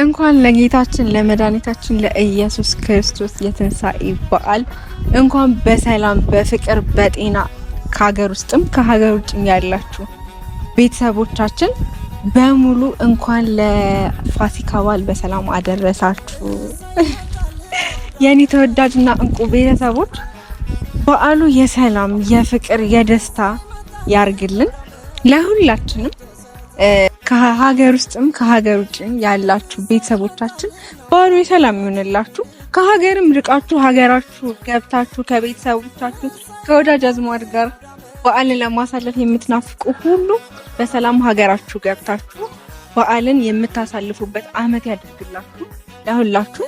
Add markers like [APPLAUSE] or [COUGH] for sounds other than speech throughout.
እንኳን ለጌታችን ለመድኃኒታችን ለኢየሱስ ክርስቶስ የትንሣኤ በዓል እንኳን በሰላም በፍቅር በጤና ከሀገር ውስጥም ከሀገር ውጭም ያላችሁ ቤተሰቦቻችን በሙሉ እንኳን ለፋሲካ በዓል በሰላም አደረሳችሁ። [LAUGHS] የኔ ተወዳጅና እንቁ ቤተሰቦች በዓሉ የሰላም የፍቅር፣ የደስታ ያርግልን ለሁላችንም። ከሀገር ውስጥም ከሀገር ውጭም ያላችሁ ቤተሰቦቻችን በዓሉ የሰላም ይሆንላችሁ። ከሀገርም ርቃችሁ ሀገራችሁ ገብታችሁ ከቤተሰቦቻችሁ ከወዳጅ አዝማድ ጋር በዓልን ለማሳለፍ የምትናፍቁ ሁሉ በሰላም ሀገራችሁ ገብታችሁ በዓልን የምታሳልፉበት ዓመት ያደርግላችሁ ለሁላችሁ።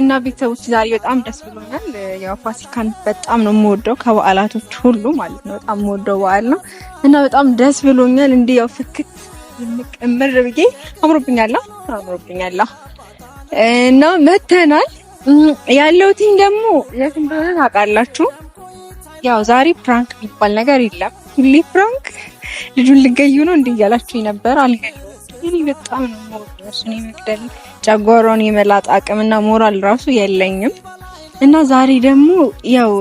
እና ቤተሰቦች ዛሬ በጣም ደስ ብሎናል። ያው ፋሲካን በጣም ነው የምወደው ከበዓላቶች ሁሉ ማለት ነው። በጣም የምወደው በዓል ነው እና በጣም ደስ ብሎኛል። እንዲህ ያው ፍክት ዝምቅምር ብዬ አምሮብኛል አምሮብኛል እና መተናል ያለውትኝ ደግሞ የት እንደሆነ ታውቃላችሁ። ያው ዛሬ ፕራንክ የሚባል ነገር የለም። ሁሌ ፕራንክ ልጁን ልገዩ ነው እንዲህ እያላችሁ ነበር። አልገ በጣም ነው የምወደው እሱን መግደል ጨጓራውን የመላጥ አቅምና ሞራል ራሱ የለኝም እና ዛሬ ደግሞ ያው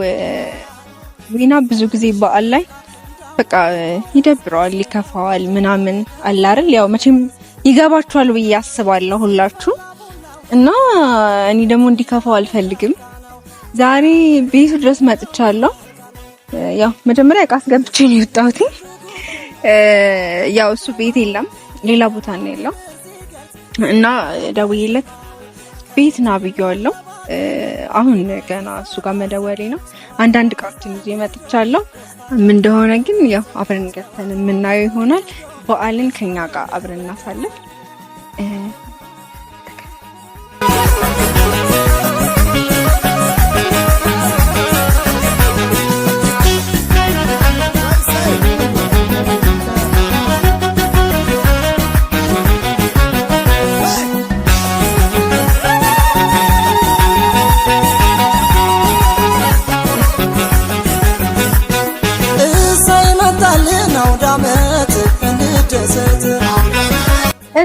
ዊና ብዙ ጊዜ በዓል ላይ በቃ ይደብረዋል፣ ይከፋዋል ምናምን አለ አይደል? ያው መቼም ይገባችኋል ብዬ አስባለሁ ሁላችሁ እና እኔ ደግሞ እንዲከፋው አልፈልግም። ዛሬ ቤቱ ድረስ መጥቻለሁ። ያው መጀመሪያ ዕቃ አስገብቼ ነው የወጣሁት። ያው እሱ ቤት የለም ሌላ ቦታ ነው ያለው እና ደውዬለት ቤት ና ብዬዋለሁ። አሁን ገና እሱ ጋር መደወሌ ነው። አንዳንድ እቃዎችን ይዤ መጥቻለሁ። ምን እንደሆነ ግን ያው አብረን ገብተን የምናየው ይሆናል። በዓልን ከኛ ጋር አብረን እናሳለን።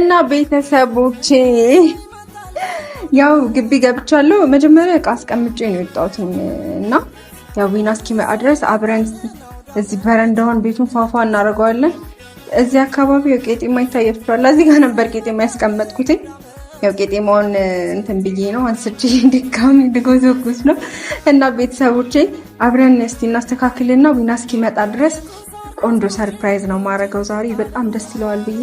እና ቤተሰቦቼ ያው ግቢ ገብቻለሁ። መጀመሪያ እቃ አስቀምጬ ነው የወጣሁት እና ያው ዊና እስኪመጣ ድረስ አብረን እዚህ በረንዳውን ቤቱን ፏፏ እናደርገዋለን። እዚህ አካባቢ ያው ቄጤማ ይታያችኋል። እዚህ ጋር ነበር ቄጤማ ያስቀመጥኩትኝ። ያው ቄጤማውን እንትን ብዬ ነው አንስቼ ድጋሚ ድጎዘጉዝ ነው እና ቤተሰቦቼ አብረን እስቲ እናስተካክልና ዊና እስኪመጣ ድረስ ቆንጆ ሰርፕራይዝ ነው ማድረገው ዛሬ በጣም ደስ ይለዋል ብዬ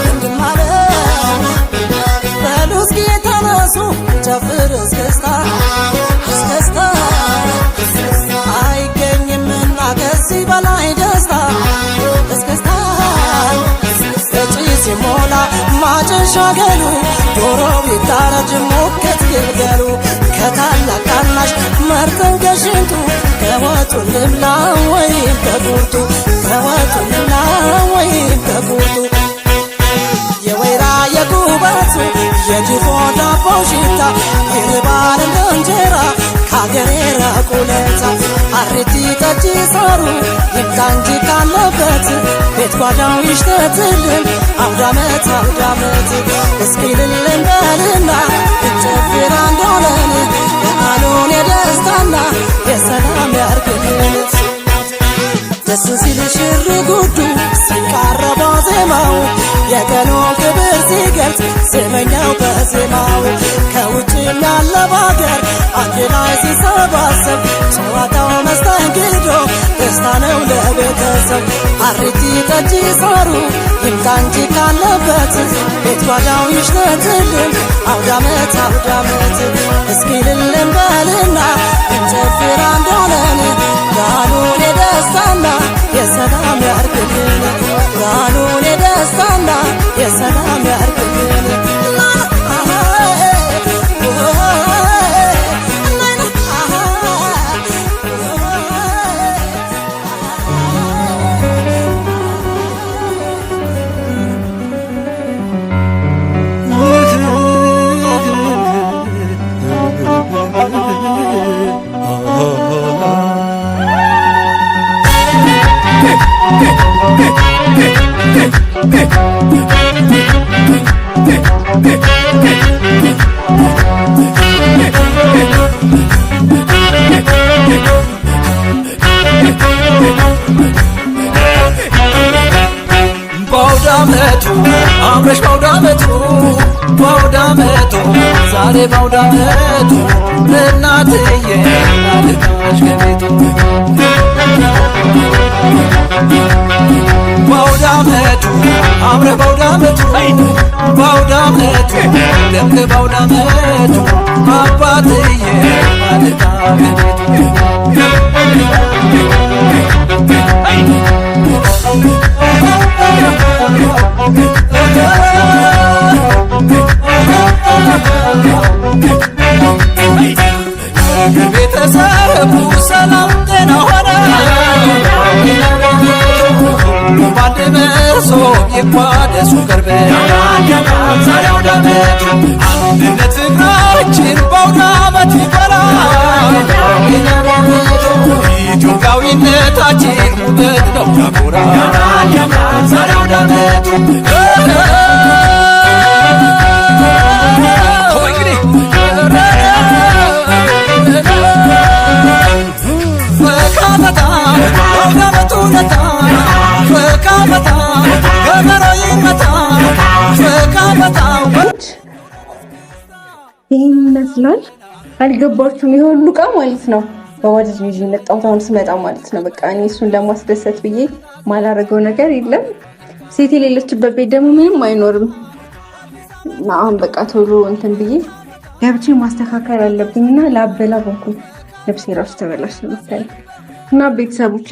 ተሻገሩ ዶሮ ቢታረጅ ሞከት ግልገሉ ከታላቅ ታናሽ መርጠን ገሽንቱ ከወጡ ልብላ ወይም ከቁርጡ ከወጡ ልብላ ወይም ከቁርጡ የወይራ የጉበቱ የጅፎ ዳቦ ሽታ ይርባል እንጀራ ከአገሬ ራቁለታ አሪቲ ጠጅ ሳሩ ይምጣ እንጂ ካለበት ቤት ጓዳው ይሽተትልን አውዳመት አውዳመት እስኪልልን በልና እጨፍር አንዶለን የአሉን የደስታና የሰላም ያርግልን ደስ ሲል ሽር ጉዱ ሲቃረባ ዜማው የቀኑን ክብር ሲገልጽ ዜመኛው ዜማው ከውጭም ያለ ባገር አንድ ላይ ሲሰባሰብ ጨዋታው መስተንግዶ ደስታ ነው ለቤተሰብ። አሪቲ ጠጅ ሳሩ ይምጣ ካለበት ቤት ጓዳው ይሽተትልን አውዳመት አውዳመት እስኪ ልልን በልና እንጨፍር አንድ ሆነን የደስታና የሰላም ያርግልን በዓሉን አምረ ባውዳመቱ ባውዳመቱ ደምቅ ባውዳመቱ አባትዬ ማለዳ ቤተሰቡ ሰላም ጤና ሆነ በአንድ በእርሶ ይቋደሱ ቅርብ አንድነት ትግራችን በአውደ ዓመት ይበራ ኢትዮጵያዊነታችን ውበት ነው ያኮራ ይመስላል። አልገባችሁም? የሁሉ ሁሉ ዕቃ ማለት ነው በባጃጅ ነው የመጣሁት አሁን ስመጣ ማለት ነው። በቃ እኔ እሱን ለማስደሰት ብዬ ማላረገው ነገር የለም። ሴት የሌለችበት ቤት ደግሞ ምንም አይኖርም። አሁን በቃ ቶሎ እንትን ብዬ ገብቼ ማስተካከል አለብኝ እና ለአበላ በኩ ልብሴ ራሱ ተበላሽ መሰለኝ እና ቤተሰቦቼ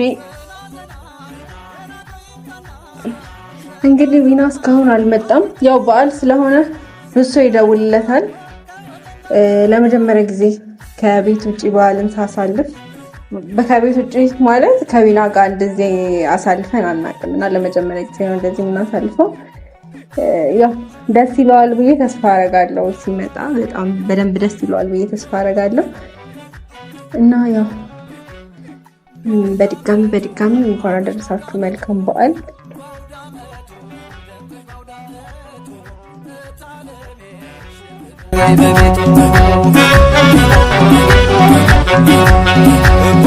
እንግዲህ ዊና እስካሁን አልመጣም። ያው በዓል ስለሆነ ብሶ ይደውልለታል። ለመጀመሪያ ጊዜ ከቤት ውጭ በዓልን ሳሳልፍ ከቤት ውጭ ማለት ከቢና ጋር እንደዚህ አሳልፈን አናውቅም እና ለመጀመሪያ ጊዜ ነው እንደዚህ የምናሳልፈው። ያው ደስ ይለዋል ብዬ ተስፋ አረጋለሁ። ሲመጣ በጣም በደንብ ደስ ይለዋል ብዬ ተስፋ አረጋለሁ እና ያው በድጋሚ በድጋሚ እንኳን አደረሳችሁ መልካም በዓል።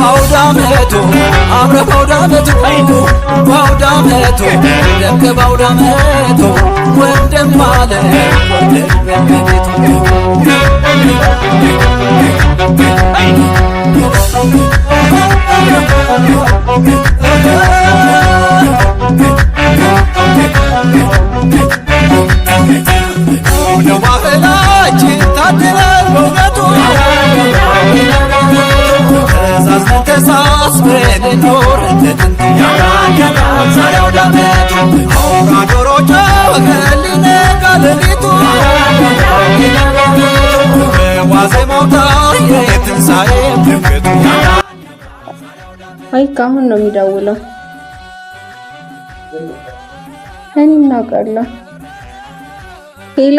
በአውደ አምረ በአውደ ዓመቱ በአውደ ዓመቱ ደምቅ በአውደ ወንድም ማለ ልክ አሁን ነው የሚደውለው። እኔ ምን አውቃለሁ? ሄሎ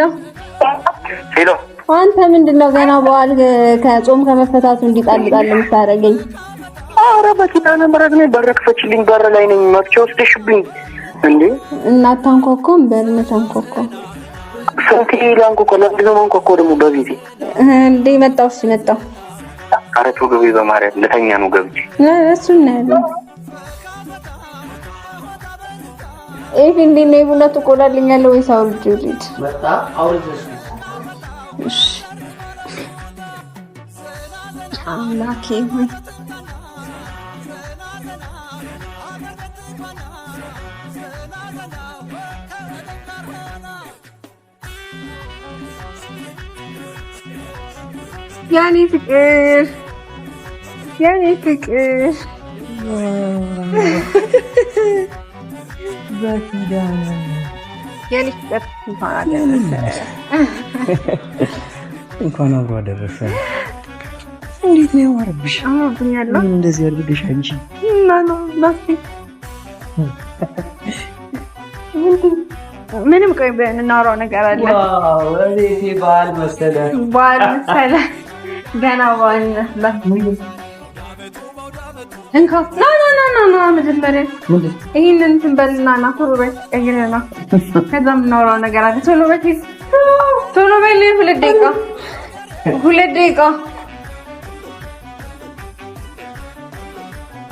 ሄሎ፣ አንተ ምንድን ነው ገና በኋላ ከጾም ከመፈታቱ እንዲጣልጣል የምታደርገኝ? አረ በኪዳነ ምሕረት ነኝ። በር ክፈችልኝ። በር ላይ ነኝ። መፍቻ ወስደሽብኝ እንዴ? እና ታንኳኳም። በር ታንኳኳም። ስንት ላንኳኳ? ለምንድን ነው ማንኳኳ ደግሞ በቤቴ እንዴ? መጣሁ። እሺ መጣሁ ኧረ ተው ግቢ፣ በማርያም ልተኛ ነው ገብቼ። እሱ እናያለን። ይህ እንዴት ነው? የቡና ትቆላልኛለህ ወይስ አውርጄ ልሂድ? አምላኬ ሆይ ያኔ ፍቅር ያኔ ፍቅር ያኔ ፍቅር እንኳን አብሮ አደረሰ። እንዴት ነው ያማረብሽ? አማርብኛለሁ እንደዚህ አድርገሽ አንቺ ምንም ቆይ እናወራው ነገር አለ። ባል መሰለ ባል መሰለ ገና እንካ ና ና ና ና መጀመሪያ ይሄንን እንትን ና ቶሎ በይ ቀይረና ከዛ የምናወራው ነገር አለ። ቶሎ በይ ቶሎ በይ ሁለት ደቂቃ ሁለት ደቂቃ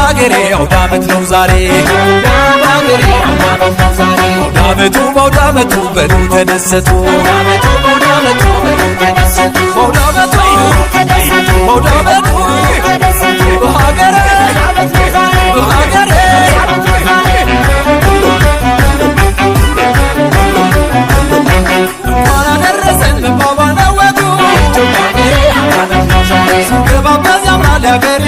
ዳመቱ ዳመት ነው ዛሬ ዳመቱ በውዳመቱ በሉ ተደሰቱ ደረሰን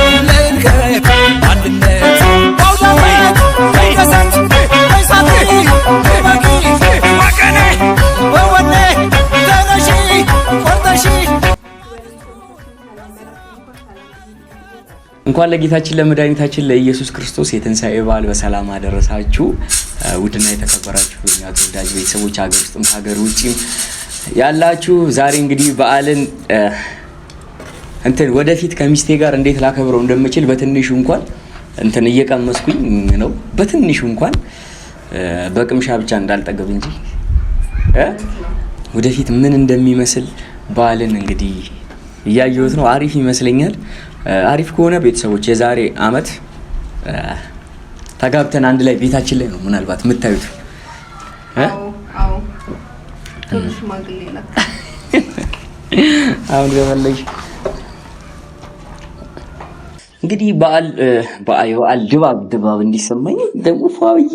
እንኳን ለጌታችን ለመድኃኒታችን ለኢየሱስ ክርስቶስ የትንሣኤ በዓል በሰላም አደረሳችሁ። ውድና የተከበራችሁ የኛ ተወዳጅ ቤተሰቦች ሀገር ውስጥም ከሀገር ውጭም ያላችሁ ዛሬ እንግዲህ በዓልን እንትን ወደፊት ከሚስቴ ጋር እንዴት ላከብረው እንደምችል በትንሹ እንኳን እንትን እየቀመስኩኝ ነው። በትንሹ እንኳን በቅምሻ ብቻ እንዳልጠገብ እንጂ ወደፊት ምን እንደሚመስል በዓልን እንግዲህ እያየሁት ነው። አሪፍ ይመስለኛል። አሪፍ ከሆነ ቤተሰቦች የዛሬ አመት ተጋብተን አንድ ላይ ቤታችን ላይ ነው ምናልባት የምታዩት። አሁን ከፈለግሽ እንግዲህ በዓል በዓል ድባብ ድባብ እንዲሰማኝ ደግሞ ፏብዬ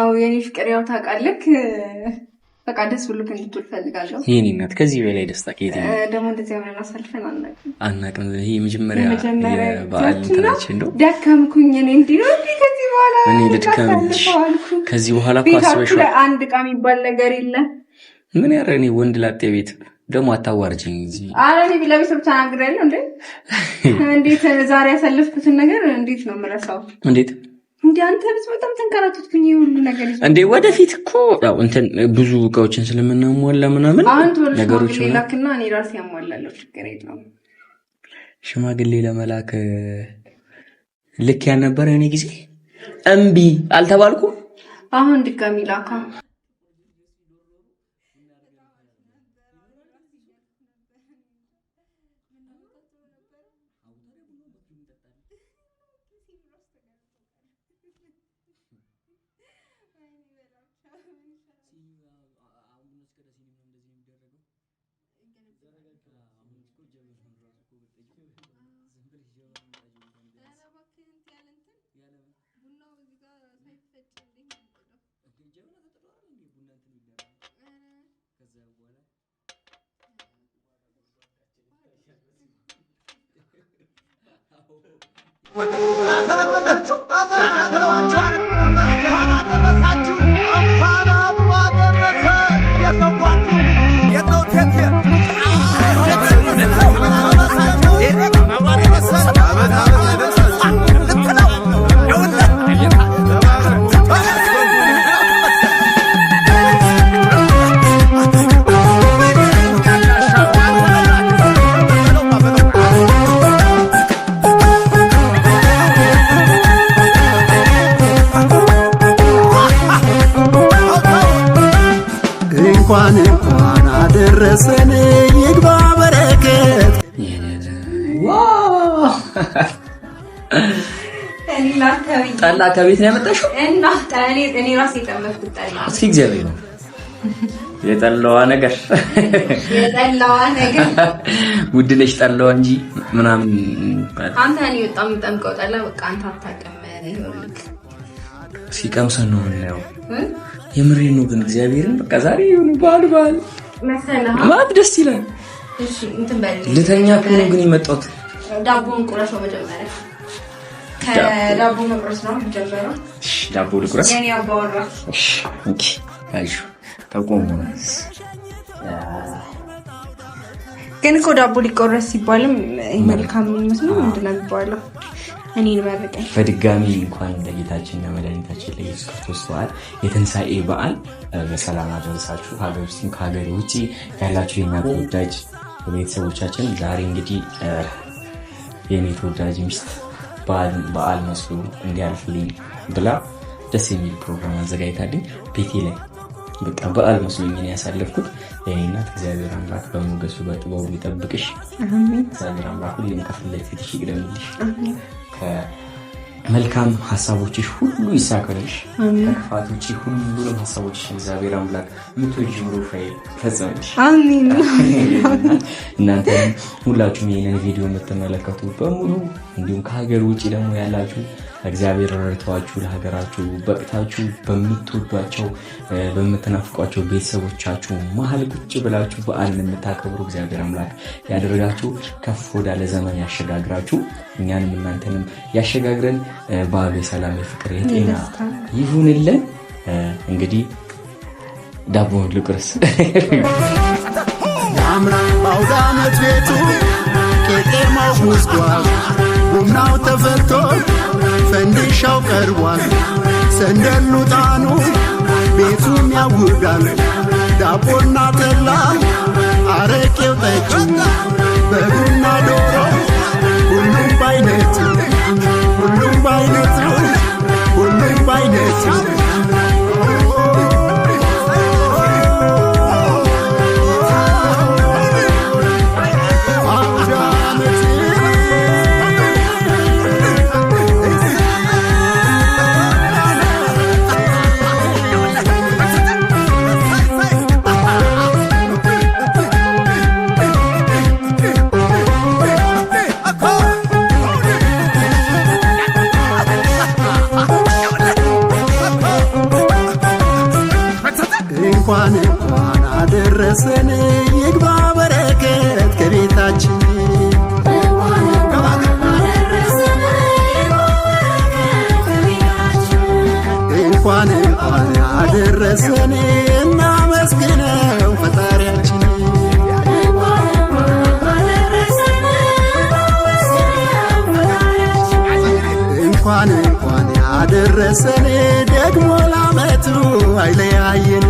አዎ የኔ ፍቅር ያው ታውቃለህ በቃ ደስ ብሎ እንድትል ፈልጋለሁ። ይህን እናት ከዚህ በላይ ደስታ ከየት ደግሞ እንደዚህ አብረን አሳልፈን አናውቅም አናውቅም። ይሄ የመጀመሪያ የበዓል እንትናችን ነው። ደከምኩኝ እኔ እንዲህ ከዚህ በኋላ እኔ ልድከምልሽ ከዚህ በኋላ እኮ አንድ ዕቃ የሚባል ነገር የለም። ምን ያረ እኔ ወንድ ላጤ ቤት ደግሞ አታዋርጅኝ። እዚህ አረ እኔ ለቤተሰብ ተናግሬያለሁ እንዴ! [LAUGHS] እንዴት ዛሬ ያሳለፍኩትን ነገር እንዴት ነው የምረሳው? እንዴት እንደ አንተ በጣም ተንከራተትኩኝ። የሁሉ ነገር እንዴ ወደፊት እኮ ያው እንትን ብዙ እቃዎችን ስለምናሟላ ምናምን ነገሮች ላክና እኔ ራሴ ያሟላለሁ። ችግር የለውም። ሽማግሌ ለመላክ ልክ ያልነበረ እኔ ጊዜ እምቢ አልተባልኩ አሁን ድጋሚ ላካ 我。[LAUGHS] ጠላ ከቤት ነው ያመጣሽው? እና ጠኔ እኔ ራሴ የጠመኩት ጠላ። እስኪ እግዚአብሔር ነው የጠላዋ ነገር የጠላዋ ነገር ውድ ነሽ ጠላዋ እንጂ ምናምን አንተ እኔ በጣም የምጠምቀው ጠላ በቃ አንተ አታውቅም። ሲቀምሰን ነው የምናየው። የምሬን ነው ግን እግዚአብሔርን በቃ ዛሬ ይሁን በዓል በዓል ማለት ደስ ይላል። ልተኛ እኮ ነው ግን የመጣሁት ዳቦን እንቁላሽ መጀመሪያ ከዳቦ መቁረስ ነው የሚጀመረው። ዳቦ ልቁረስ። የኔ አባወራ ተቆሙ። ግን እኮ ዳቦ ሊቆረስ ሲባልም መልካም የሚመስለው ምንድን ነው የሚባለው? እኔን መርቀኝ። በድጋሚ እንኳን ለጌታችንና መድኃኒታችን ለኢየሱስ ክርስቶስ በዓል የትንሣኤ በዓል በሰላም አደረሳችሁ። ሀገር ውስጥም ከሀገር ውጭ ያላችሁ የኛ ተወዳጅ ቤተሰቦቻችን ዛሬ እንግዲህ የኔ ተወዳጅ ሚስት በዓል መስሎ እንዲያልፍልኝ ብላ ደስ የሚል ፕሮግራም አዘጋጅታለኝ ቤቴ ላይ በቃ በዓል መስሎኝ ያሳለፍኩት የእኔ እናት እግዚአብሔር አምላክ በሞገሱ በጥበቡ ይጠብቅሽ። እግዚአብሔር አምላክ ሁሌም ከፊት ለፊትሽ ይቅደምልሽ። መልካም ሀሳቦችሽ ሁሉ ይሳካልሽ። ከክፋቶች ሁሉንም ሀሳቦችሽ እግዚአብሔር አምላክ ምቶች ምሮ ፋይ ፈጽምልሽ። አሜን። እናንተ ሁላችሁም ይህንን ቪዲዮ የምትመለከቱ በሙሉ እንዲሁም ከሀገር ውጭ ደግሞ ያላችሁ እግዚአብሔር ረድቷችሁ ለሀገራችሁ በቅታችሁ በምትወዷቸው በምትናፍቋቸው ቤተሰቦቻችሁ መሀል ቁጭ ብላችሁ በዓልን የምታከብሩ እግዚአብሔር አምላክ ያደረጋችሁ ከፍ ወዳለ ዘመን ያሸጋግራችሁ፣ እኛንም እናንተንም ያሸጋግረን። በዓሉ የሰላም የፍቅር የጤና ይሁንልን። እንግዲህ ዳቦን ልቁርስ ቤቱ ቄጤማ ጉዝጓ ቡናው ተፈልቶ ፈንዲሻው ቀርቧል፣ ሰንደሉ ጣኑ ቤቱም ያውጋል። ዳቦና ተላ አረቄው ጠጁ በጉና ዶሮ ሁሉም ባይነት ሁሉም ባይነት ሁሉም ባይነት እንኳን እንኳን ያደረሰን ደግሞ ላመቱ አይለያየን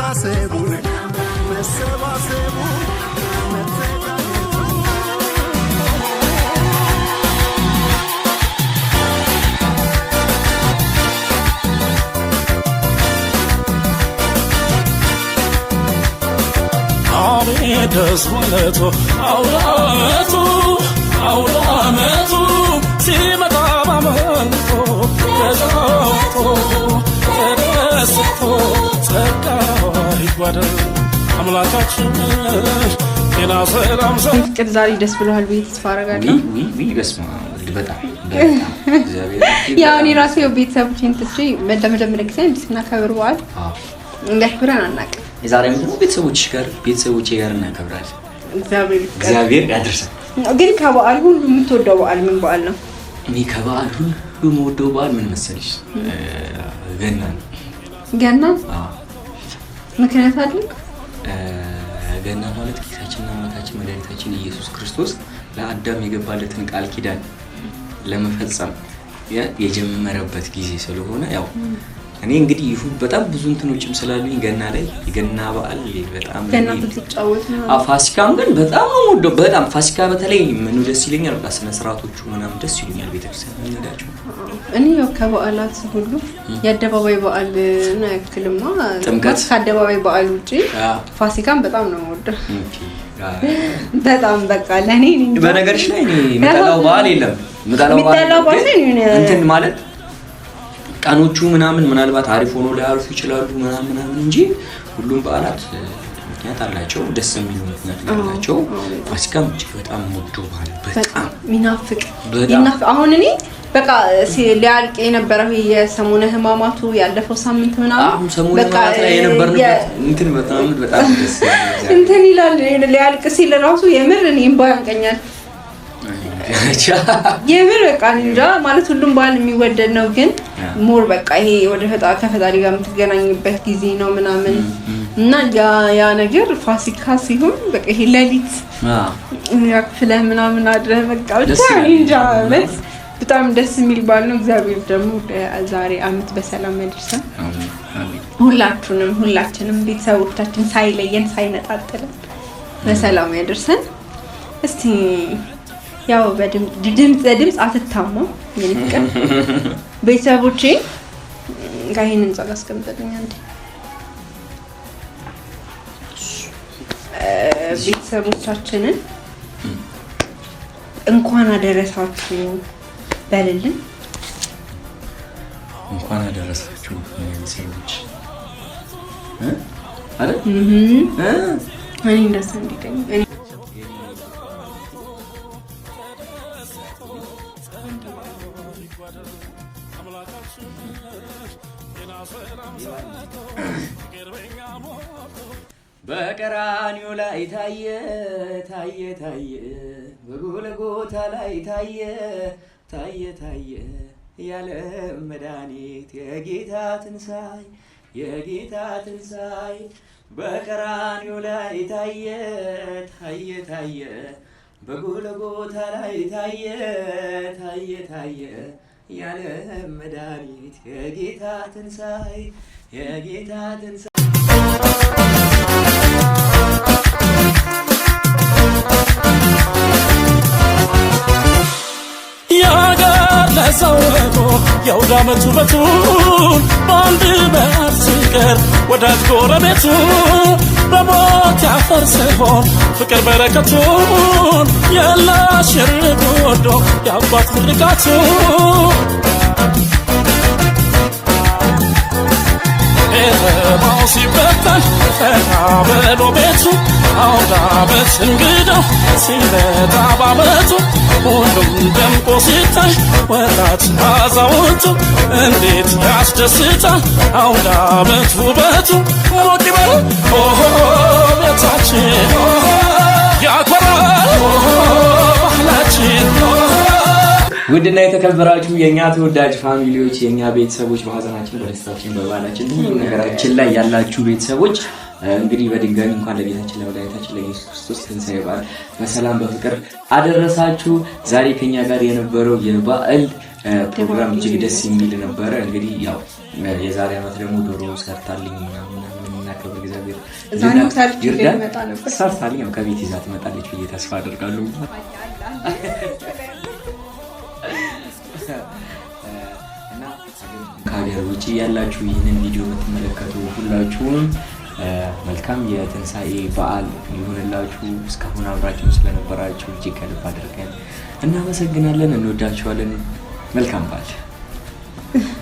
መተሳሰቡን መሰባሰቡን ደስ ማለቱ አውራመቱ አውራመቱ ሲመጣ ማመንቶ ተጫውቶ ተደስቶ ጓደር ፍቅር ዛሬ ደስ ብለሃል ብዬ ተስፋ አደርጋለሁ። በስመ አብ በጣም ያው እኔ ራሴ ቤተሰቦቼን ትቼ ለመጀመሪያ ጊዜ እንዲህ ስናከብር በዓል እንዳክብረን አናውቅም። የዛሬ ዓመት ደግሞ ቤተሰቦችሽ ጋር ቤተሰቦቼ ጋር እናከብራለን። እግዚአብሔር ያደርሰን። ግን ከበዓል ሁሉ የምትወደው በዓል ምን በዓል ነው? እኔ ከበዓል ሁሉ የምወደው በዓል ምን መሰለሽ? ገና ነው። ገና ምክንያት አለ። ገና ማለት ጌታችንና አምላካችን መድኃኒታችን ኢየሱስ ክርስቶስ ለአዳም የገባለትን ቃል ኪዳን ለመፈጸም የጀመረበት ጊዜ ስለሆነ ያው እኔ እንግዲህ ይሁ በጣም ብዙ እንትኖችም ስላሉኝ ገና ላይ የገና በዓል በጣም ፋሲካም ግን በጣም ነው በጣም ፋሲካ በተለይ ምኑ ደስ ይለኛል፣ በቃ ስነ ስርዓቶቹ ምናምን ደስ ይሉኛል። ቤተክርስቲያን ምንሄዳቸው እኔ ያው ከበዓላት ሁሉ የአደባባይ በዓል ና ያክልማ ጥምቀት ከአደባባይ በዓል ውጭ ፋሲካም በጣም ነው የምወደው። በጣም በቃ ለእኔ በነገርሽ ላይ እኔ የምጠላው በዓል የለም። የምጠላው በዓል እንትን ማለት ቀኖቹ ምናምን ምናልባት አሪፍ ሆኖ ሊያልፉ ይችላሉ ምናምን ምናምን እንጂ ሁሉም በዓላት ምክንያት አላቸው። ደስ የሚሉ ምክንያት አላቸው። ፋሲካም እጅግ በጣም ሞዶ በዓል በጣም ሚናፍቅ አሁን እኔ በቃ ሊያልቅ የነበረው የሰሙነ ህማማቱ ያለፈው ሳምንት ምናምን ሰሙነ ሕማማት ላይ የነበርንበት እንትን በጣም በጣም ደስ እንትን ይላል ሊያልቅ ሲል ራሱ የምር እኔ እምባ ያንቀኛል። [LAUGHS] የምር በቃ እንጃ ማለት ሁሉም በዓል የሚወደድ ነው፣ ግን ሞር በቃ ይሄ ወደ ፈጣ ከፈጣሪ ጋር የምትገናኝበት ጊዜ ነው ምናምን እና ያ ነገር ፋሲካ ሲሆን በቃ ይሄ ሌሊት ያክፍለህ ምናምን አድረህ በቃ ብቻ እንጃ በጣም ደስ የሚል በዓል ነው። እግዚአብሔር ደግሞ ዛሬ አመት በሰላም ያደርሰን ሁላችሁንም ሁላችንም ቤተሰቦቻችን ሳይለየን ሳይነጣጥለን በሰላም ያደርሰን እስቲ ያው ድምፅ ድምፅ አትታማ የኔ ፍቅር [LAUGHS] ቤተሰቦቼ ጋር ይሄንን ጸጋ አስቀምጠልኝ አንዴ። ቤተሰቦቻችንን እንኳን አደረሳችሁ በልልን። እንኳን አደረሳችሁ ሰዎች አይደል? እኔ እንደዛ እንዲገኝ በቀራንዮ ላይ ታየ ታየ ታየ በጎልጎታ ላይ ታየ ታየ ታየ ያለ መድኃኒት የጌታ ትንሳይ የጌታ ትንሳይ በቀራኒው ላይ ታየ ታየ ታየ በጎልጎታ ላይ ታየ ታየ ታየ ያለ መድኃኒት የጌታ ትንሣኤ የጌታ ትንሣኤ ሰው እኮ የውዳመቱ ውበቱን በአንድ በር ሲቀር ወዳጅ ጎረቤቱ በሞት ያፈር ሲሆን ፍቅር በረከቱን የለሽ ርቅ ወዶ የአባት ምርቃቱ ሲገባው ሲበቃል ፈታ ብሎ ቤቱ አውደ ዓመት እንግዳው ሲመጣ ባመቱ ሁሉም ደምቆ ሲታይ ወጣት አዛውንቱ እንዴት ያስደስታል አውደ ዓመት ውበቱ ሞቅ ይበል ኦሆ ቤታችን ያኮራል ባህላችን ውድና የተከበራችሁ የእኛ ተወዳጅ ፋሚሊዎች፣ የእኛ ቤተሰቦች፣ በሀዘናችን በደስታችን፣ በባህላችን ሁሉ ነገራችን ላይ ያላችሁ ቤተሰቦች እንግዲህ በድጋሚ እንኳን ለቤታችን ለመድኃኒታችን ለኢየሱስ ክርስቶስ ትንሣኤ በዓል በሰላም በፍቅር አደረሳችሁ። ዛሬ ከኛ ጋር የነበረው የበዓል ፕሮግራም እጅግ ደስ የሚል ነበረ። እንግዲህ ያው የዛሬ ዓመት ደግሞ ዶሮ ሰርታልኝ ምናምናከብር እግዚአብሔር ሰርታልኝ ከቤት ይዛ ትመጣለች ብዬ ተስፋ አደርጋለሁ። እና ከሀገር ውጭ ያላችሁ ይህንን ቪዲዮ የምትመለከቱ ሁላችሁም መልካም የትንሣኤ በዓል ይሁንላችሁ። እስካሁን አብራችሁን ስለነበራችሁ እጅግ ከልብ አድርገን እናመሰግናለን። እንወዳችኋለን። መልካም በዓል